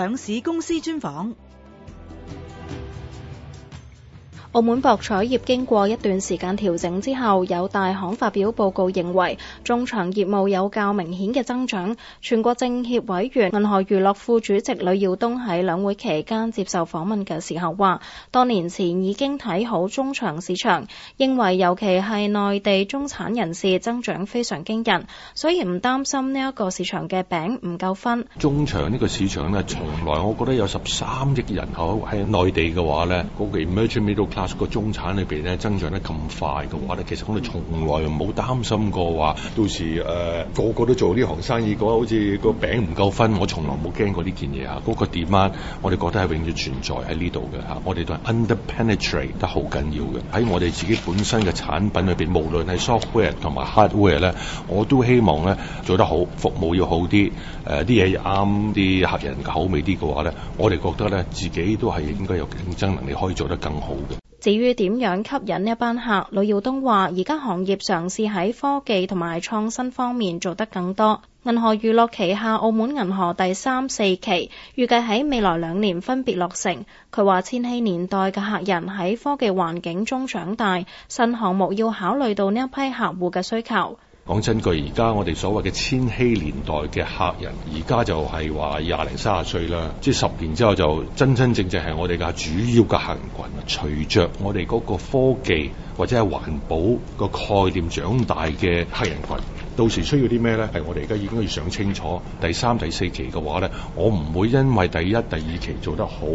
上市公司專訪。澳門博彩業經過一段時間調整之後，有大行發表報告認為，中場業務有較明顯嘅增長。全國政協委員、銀河娛樂副主席呂耀東喺兩會期間接受訪問嘅時候話，多年前已經睇好中場市場，認為尤其係內地中產人士增長非常驚人，所以唔擔心呢一個市場嘅餅唔夠分。中場呢個市場咧，從來我覺得有十三億人口喺內地嘅話呢。嗰個個中產裏邊咧增長得咁快嘅話咧，其實我哋從來冇擔心過話到時誒、呃、個個都做呢行生意嘅話，好似個餅唔夠分，我從來冇驚過呢件嘢啊。嗰、嗰個 demand 我哋覺得係永遠存在喺呢度嘅嚇，我哋都係 under penetrate 得好緊要嘅喺我哋自己本身嘅產品裏邊，無論係 software 同埋 hardware 咧，我都希望咧做得好，服務要好啲，誒啲嘢要啱啲客人口味啲嘅話咧，我哋覺得咧自己都係應該有競爭能力，可以做得更好嘅。至於點樣吸引一班客，呂耀東話：而家行業嘗試喺科技同埋創新方面做得更多。銀河娛樂旗下澳門銀河第三、四期預計喺未來兩年分別落成。佢話：千禧年代嘅客人喺科技環境中長大，新項目要考慮到呢一批客戶嘅需求。講真句，而家我哋所謂嘅千禧年代嘅客人，而家就係話廿零、卅歲啦。即係十年之後就真真正正係我哋嘅主要嘅客人羣。隨着我哋嗰個科技或者係環保個概念長大嘅客人羣，到時需要啲咩咧？係我哋而家已經要想清楚。第三、第四期嘅話咧，我唔會因為第一、第二期做得好，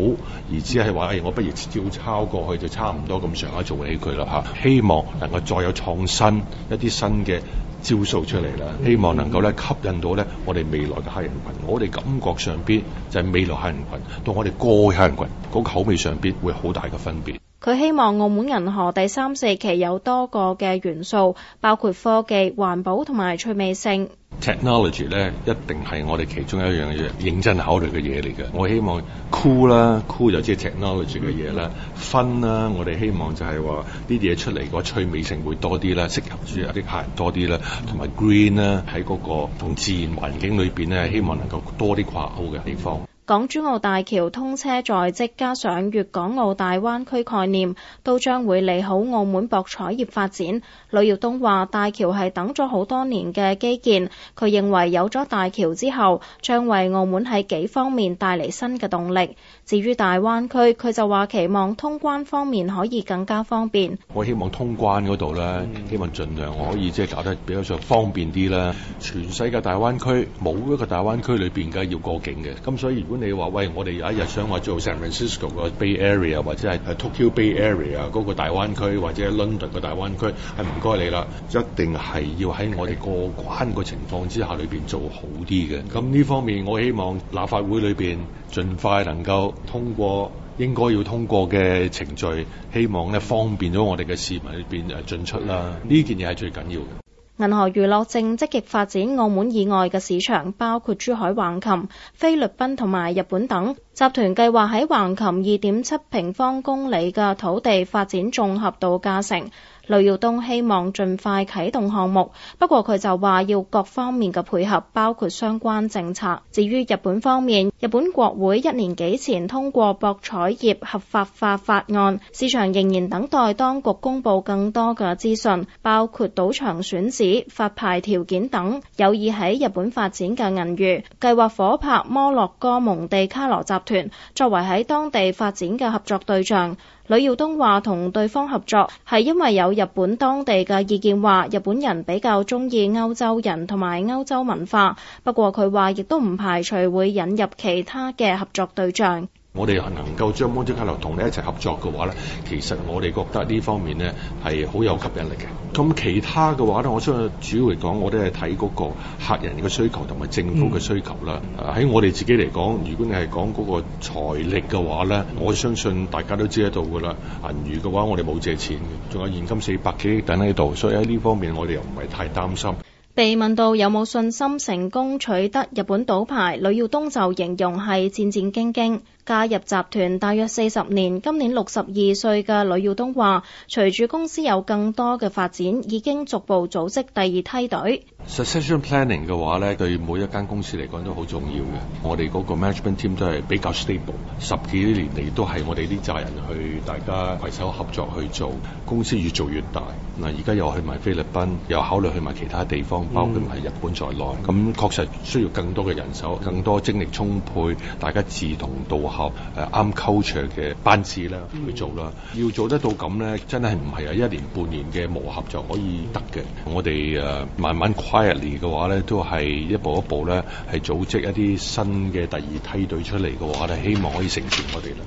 而只係話誒我不如照抄過去就差唔多咁上下做起佢啦嚇。希望能夠再有創新一啲新嘅。招數出嚟啦，嗯，希望能夠咧吸引到咧我哋未來嘅客人群。我哋感覺上邊就係未來客人群，同我哋過去客人群嗰口味上邊會好大嘅分別。佢希望澳門銀河第三、四期有多個嘅元素，包括科技、環保同埋趣味性。Technology 咧一定係我哋其中一樣嘢，認真考慮嘅嘢嚟嘅。我希望 cool 啦，cool 就即係 technology 嘅嘢啦，fun 啦，我哋希望就係話呢啲嘢出嚟個趣味性會多啲啦，適合住有啲客人多啲啦，同埋 green 啦，喺嗰個同自然環境裏邊咧，希望能夠多啲跨澳嘅地方。港珠澳大橋通車在即，加上粵港澳大灣區概念，都將會利好澳門博彩業發展。呂耀東話，大橋係等咗好多年嘅基建，佢認為有咗大橋之後，將為澳門喺幾方面帶嚟新嘅動力。至於大灣區，佢就話期望通關方面可以更加方便。我希望通關嗰度呢，希望盡量可以即係搞得比較上方便啲啦。全世界大灣區冇一個大灣區裏邊，梗係要過境嘅，咁所以咁你話喂，我哋有一日想話做 San Francisco 個 Bay Area 或者係 Tokyo Bay Area 嗰個大灣區，或者係 London 個大灣區，係唔該你啦，一定係要喺我哋過關個情況之下裏邊做好啲嘅。咁呢方面，我希望立法會裏邊盡快能夠通過應該要通過嘅程序，希望咧方便咗我哋嘅市民裏邊誒進出啦。呢件嘢係最緊要嘅。銀河娛樂正積極發展澳門以外嘅市場，包括珠海橫琴、菲律賓同埋日本等。集團計劃喺橫琴二點七平方公里嘅土地發展綜合度假城。呂耀東希望盡快啟動項目，不過佢就話要各方面嘅配合，包括相關政策。至於日本方面，日本國會一年幾前通過博彩業合法化法案，市場仍然等待當局公布更多嘅資訊，包括賭場選址、發牌條件等。有意喺日本發展嘅銀娛，計劃夥拍摩洛哥蒙地卡羅集團，作為喺當地發展嘅合作對象。呂耀東話：同對方合作係因為有日本當地嘅意見，話日本人比較中意歐洲人同埋歐洲文化。不過佢話亦都唔排除會引入其他嘅合作對象。我哋能夠將蒙地卡羅同你一齊合作嘅話咧，其實我哋覺得呢方面咧係好有吸引力嘅。咁其他嘅話咧，我想主要嚟講，我都係睇嗰個客人嘅需求同埋政府嘅需求啦。喺、嗯、我哋自己嚟講，如果你係講嗰個財力嘅話咧，我相信大家都知得到噶啦。銀娛嘅話，我哋冇借錢嘅，仲有現金四百幾億等喺度，所以喺呢方面我哋又唔係太擔心。被問到有冇信心成功取得日本賭牌，呂耀東就形容係戰戰兢兢。加入集團大約四十年，今年六十二歲嘅呂耀東話：隨住公司有更多嘅發展，已經逐步組織第二梯隊。Succession planning 嘅話咧，對每一間公司嚟講都好重要嘅。我哋嗰個 management team 都係比較 stable，十幾年嚟都係我哋啲責任去大家攜手合作去做，公司越做越大。嗱，而家又去埋菲律賓，又考慮去埋其他地方，包括埋日本在內。咁、嗯、確實需要更多嘅人手，更多精力充沛、大家志同道合、誒啱 culture 嘅班次咧去做啦。嗯、要做得到咁咧，真係唔係啊一年半年嘅磨合就可以得嘅。嗯、我哋誒、呃、慢慢跨入嚟嘅話咧，都係一步一步咧係組織一啲新嘅第二梯隊出嚟嘅話咧，希望可以成全我哋啦。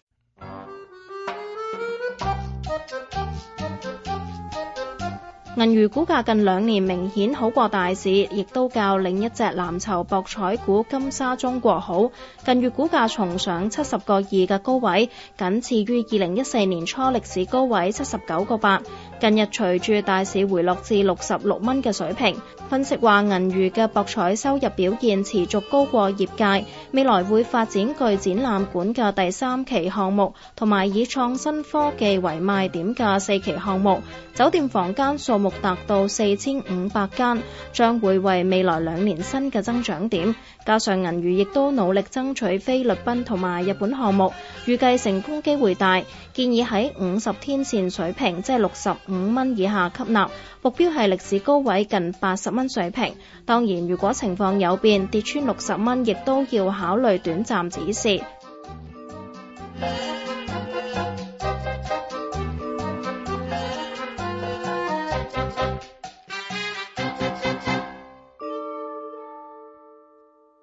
銀娛股價近兩年明顯好過大市，亦都較另一隻藍籌博彩股金沙中國好。近月股價重上七十個二嘅高位，僅次於二零一四年初歷史高位七十九個八。近日隨住大市回落至六十六蚊嘅水平，分析話銀娛嘅博彩收入表現持續高過業界，未來會發展具展覽館嘅第三期項目，同埋以創新科技為賣點嘅四期項目。酒店房間數目達到四千五百間，將會為未來兩年新嘅增長點。加上銀娛亦都努力爭取菲律賓同埋日本項目，預計成功機會大。建議喺五十天線水平，即係六十五蚊以下吸納，目標係歷史高位近八十蚊水平。當然，如果情況有變，跌穿六十蚊，亦都要考慮短暫止蝕。